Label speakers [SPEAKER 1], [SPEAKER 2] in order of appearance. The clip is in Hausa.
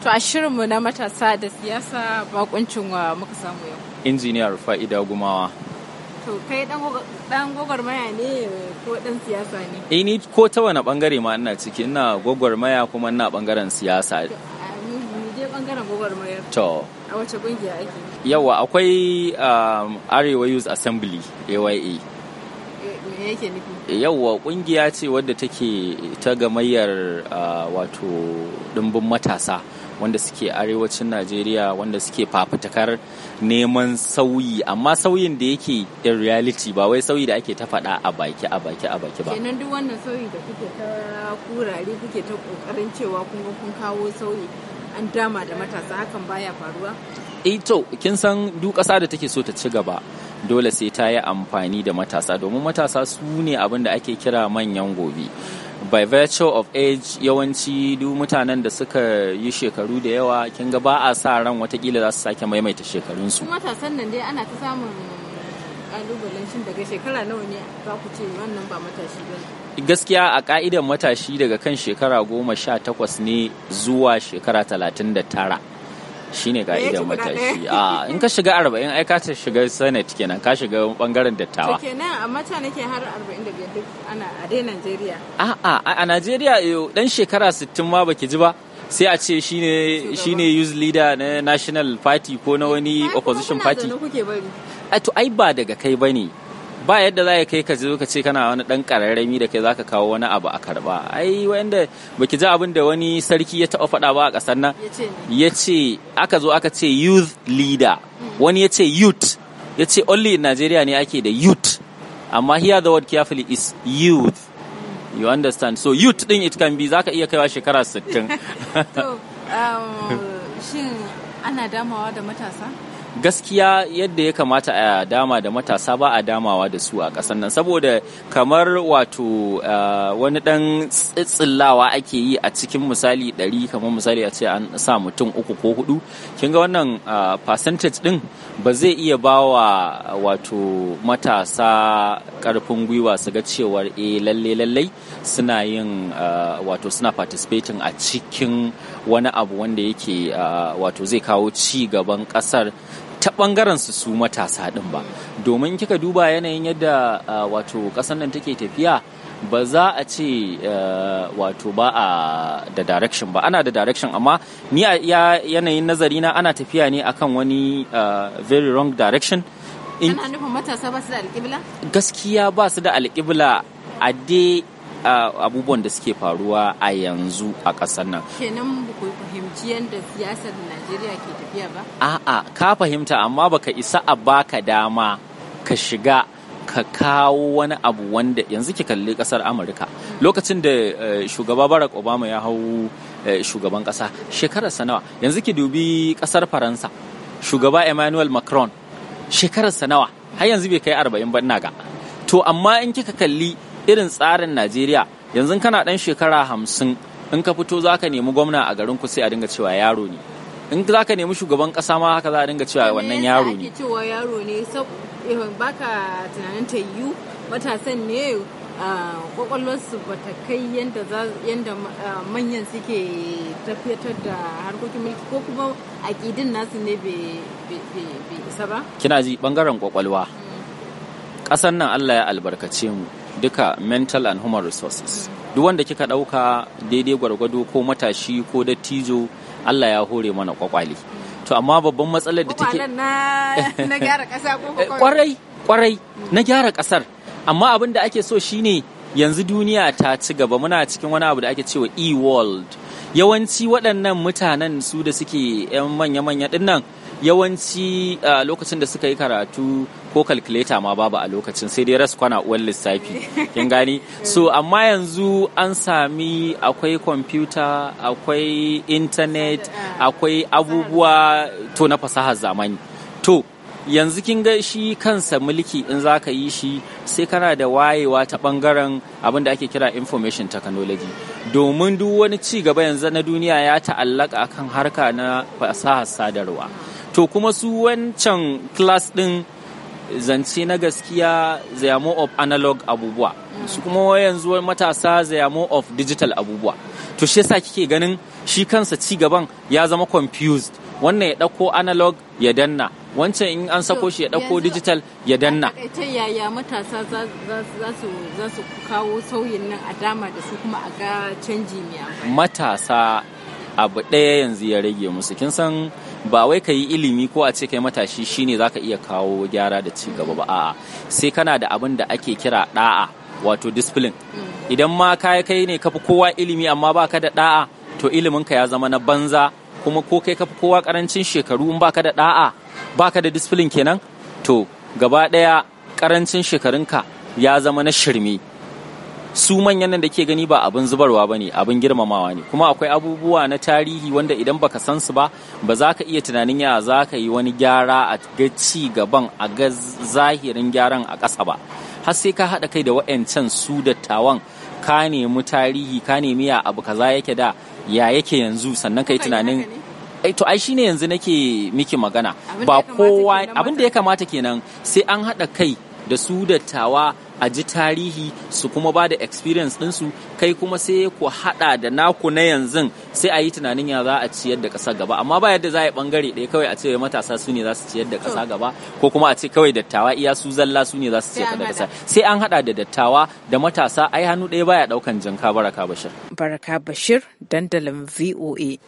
[SPEAKER 1] To a shirinmu na matasa da siyasa bakuncin wa muka samu yau.
[SPEAKER 2] Injiniya Rufa'i gumawa.
[SPEAKER 1] To kai dan gwagwarmaya ne ko dan siyasa ne?
[SPEAKER 2] E, ni ko ta wani bangare ma ina ciki ina gwagwarmaya kuma ina bangaren siyasa. Ni
[SPEAKER 1] je bangaren gwagwarmayar. To. A wace kungiya ake?
[SPEAKER 2] Yawa akwai um, Arewa Youth Assembly AYA.
[SPEAKER 1] nufi
[SPEAKER 2] yawwa kungiya ce wadda take ta gamayyar wato dimbin matasa wanda suke arewacin najeriya wanda suke fafutukar neman sauyi amma sauyin da yake in reality ba wai sauyi da ake ta faɗa a baki a baki a baki ba
[SPEAKER 1] kenan duk wannan sauyi da kuke ta kurare kuke ta kokarin cewa kun kun kawo sauyi an dama da matasa hakan baya faruwa
[SPEAKER 2] eh to kin san duk ƙasa da take so ta ci gaba dole sai ta yi amfani da matasa domin matasa su ne abin da ake kira manyan gobe by virtue of age yawanci duk mutanen da suka yi shekaru da yawa kin ga ba a sa ran watakila za su sake maimaita shekarunsu
[SPEAKER 1] matasan nan dai ana ta samun kalubalen shin daga shekara nawa ne za ku ce wannan ba matashi ba
[SPEAKER 2] gaskiya a ka'idar matashi daga kan shekara goma sha takwas ne zuwa shekara talatin da tara shi ne ga idan matashi a ah, in ka shiga arba'in ai ka ta shiga senate kenan ka shiga bangaren dattawa to
[SPEAKER 1] kenan a mata nake har arba'in da biyar duk ana a dai nigeria
[SPEAKER 2] a a a nigeria najeriya dan eh, shekara sittin ma baki ji ba sai a ce shine shine youth leader na national party ko na wani opposition party a to ai ba daga kai bane ba yadda za kai ka zo ka ce kana wani dan kararrami da kai zaka kawo wani abu a karba ai wanda baki ji abin da wani sarki ya taɓa faɗa ba a ƙasar nan ya ce aka zo aka ce youth leader hmm. wani ya ce youth ya ce only in Nigeria ne ake da youth amma here the word carefully is youth you understand so youth din it can be zaka iya kaiwa shekara 60
[SPEAKER 1] to um, shin ana damawa da matasa
[SPEAKER 2] gaskiya yadda ya kamata a dama da matasa ba a damawa da su a ƙasar nan saboda kamar wato eh, wani ɗan tsitsillawa ake yi a cikin misali ɗari kamar misali a ce an sa mutum uku ko hudu kin ga wannan eh, percentage ɗin ba zai iya ba wa wato matasa ƙarfin gwiwa su ga cewar e lalle lallai suna yin wato suna participating a cikin wani abu wanda yake wato zai kawo ci gaban ƙasar ta ɓangaren su su matasa ɗin ba domin kika duba yanayin yadda wato ƙasar nan take tafiya ba za a ce wato ba a da direction ba ana da direction amma ni a yanayin nazari na ana tafiya ne akan wani very wrong direction ana
[SPEAKER 1] nufin matasa ba su da alƙibla
[SPEAKER 2] gaskiya ba su da alƙibla a dai abubuwan da suke faruwa a yanzu a ƙasar nan.
[SPEAKER 1] Kenan ba ku fahimci yadda siyasar Najeriya ke tafiya ba?
[SPEAKER 2] A'a, ka fahimta amma baka isa a baka dama ka shiga ka kawo wani abu wanda yanzu ki kalli ƙasar amurka hmm. lokacin da eh, shugaba barack obama ya hau eh, shugaban ƙasa shekarar nawa yanzu ki dubi ƙasar faransa shugaba emmanuel macron shekarar nawa har yanzu bai kai arba'in ba ina ga to amma in kika kalli irin tsarin najeriya yanzu kana dan shekara hamsin in ka fito za ka nemi gwamna a garin ku sai a dinga cewa yaro ne in za ka nemi shugaban kasa ma haka za a dinga cewa wannan yaro ne
[SPEAKER 1] cewa yaro ne eh, baka tunanin ta yiwu matasan ne kwakwalwarsu ah, ba ta kai yadda ah, manyan suke tafiyatar da harkokin mulki ko kuma aƙidin nasu ne bai isa ba
[SPEAKER 2] kina ji bangaren kwakwalwa mm. ƙasar nan allah ya albarkace mu duka mental and human resources duk wanda kika ɗauka daidai gwargwado ko matashi ko dattijo allah ya hore mana kwakwali to amma babban matsalar da take
[SPEAKER 1] na gyara ƙasa ko eh, kwarai
[SPEAKER 2] kwarai na gyara ƙasar amma abin da ake so shine yanzu duniya ta ci gaba muna cikin wani abu da ake cewa e-world yawanci waɗannan mutanen su da suke 'yan manya-manya dinnan yawanci a lokacin da suka yi karatu ko kalkuleta ma babu a lokacin sai dai ras kwana uwan lissafi kin gani so amma yanzu an sami akwai kwamfuta akwai intanet ah. akwai abubuwa to na fasahar zamani to yanzu kin ga shi kansa mulki in za ka yi shi sai kana da wayewa ta bangaren abin da ake kira information technology domin duk wani ci gaba yanzu na duniya ya ta'allaka kan harka na fasahar sadarwa to kuma su wancan class din zance na gaskiya zayamo of analog abubuwa su kuma yanzu matasa zayamo of digital abubuwa to shi yasa kike ganin shi kansa ci gaban ya zama confused wannan ya ɗauko analog ya danna wancan in an sako shi ya dauko digital ya danna
[SPEAKER 1] yaya matasa za su kawo sauyin nan a dama da su kuma a ga canji mai
[SPEAKER 2] matasa abu ɗaya yanzu ya rage musu kin san ba wai ka yi ilimi ko a ce kai matashi shine za ka iya kawo gyara da ci gaba ba a'a sai kana da abin da ake kira ɗa'a wato discipline mm. idan ma kai kai ne kafi kowa ilimi amma ba ka da ɗa'a to ilimin ka ya zama na banza kuma ko kai kafi kowa karancin shekaru in ba ka da ɗa'a baka da disfilin kenan to gaba ɗaya ƙarancin shekarunka ya zama na shirme su manyan nan da ke gani ba abin zubarwa ba ne abin girmamawa ne kuma akwai abubuwa na tarihi wanda idan baka san su ba ba za ka iya tunanin ya za ka yi wani gyara a ga ci gaban a ga zahirin gyaran a ƙasa ba har sai ka haɗa kai da wa'yancan su dattawan ka nemi tarihi ka nemi ya abu kaza yake da ya yake yanzu sannan ka yi tunanin ai eh, to ai shine yanzu nake miki magana ba kowa abin da ya kamata kenan sai an haɗa kai da su dattawa a ji tarihi su kuma ba da experience ɗinsu kai kuma sai ku haɗa da naku na yanzu sai a yi tunanin ya za a ciyar da ƙasa gaba amma ba yadda za a yi ɓangare ɗaya kawai a ce matasa su ne za su ciyar da ƙasa gaba ko kuma a ce kawai dattawa iya su zalla su ne za su ciyar da ƙasa sai an haɗa da dattawa da matasa ai hannu ɗaya baya ɗaukan jinka baraka bashir
[SPEAKER 1] baraka bashir dandalin voa